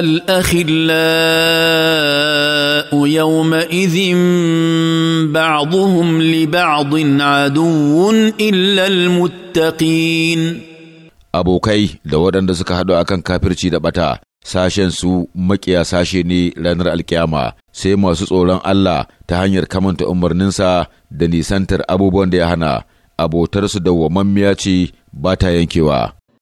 الاخلاء يومئذ بعضهم لبعض عدو illal المتقين abokai da waɗanda suka haɗu akan kafirci da ɓata sashen su makiya sashe ne ranar alkiyama sai masu tsoron Allah ta hanyar kamanta umarninsa da nisantar abubuwan da ya hana abotarsu dawwamammiya ce ba ta yankewa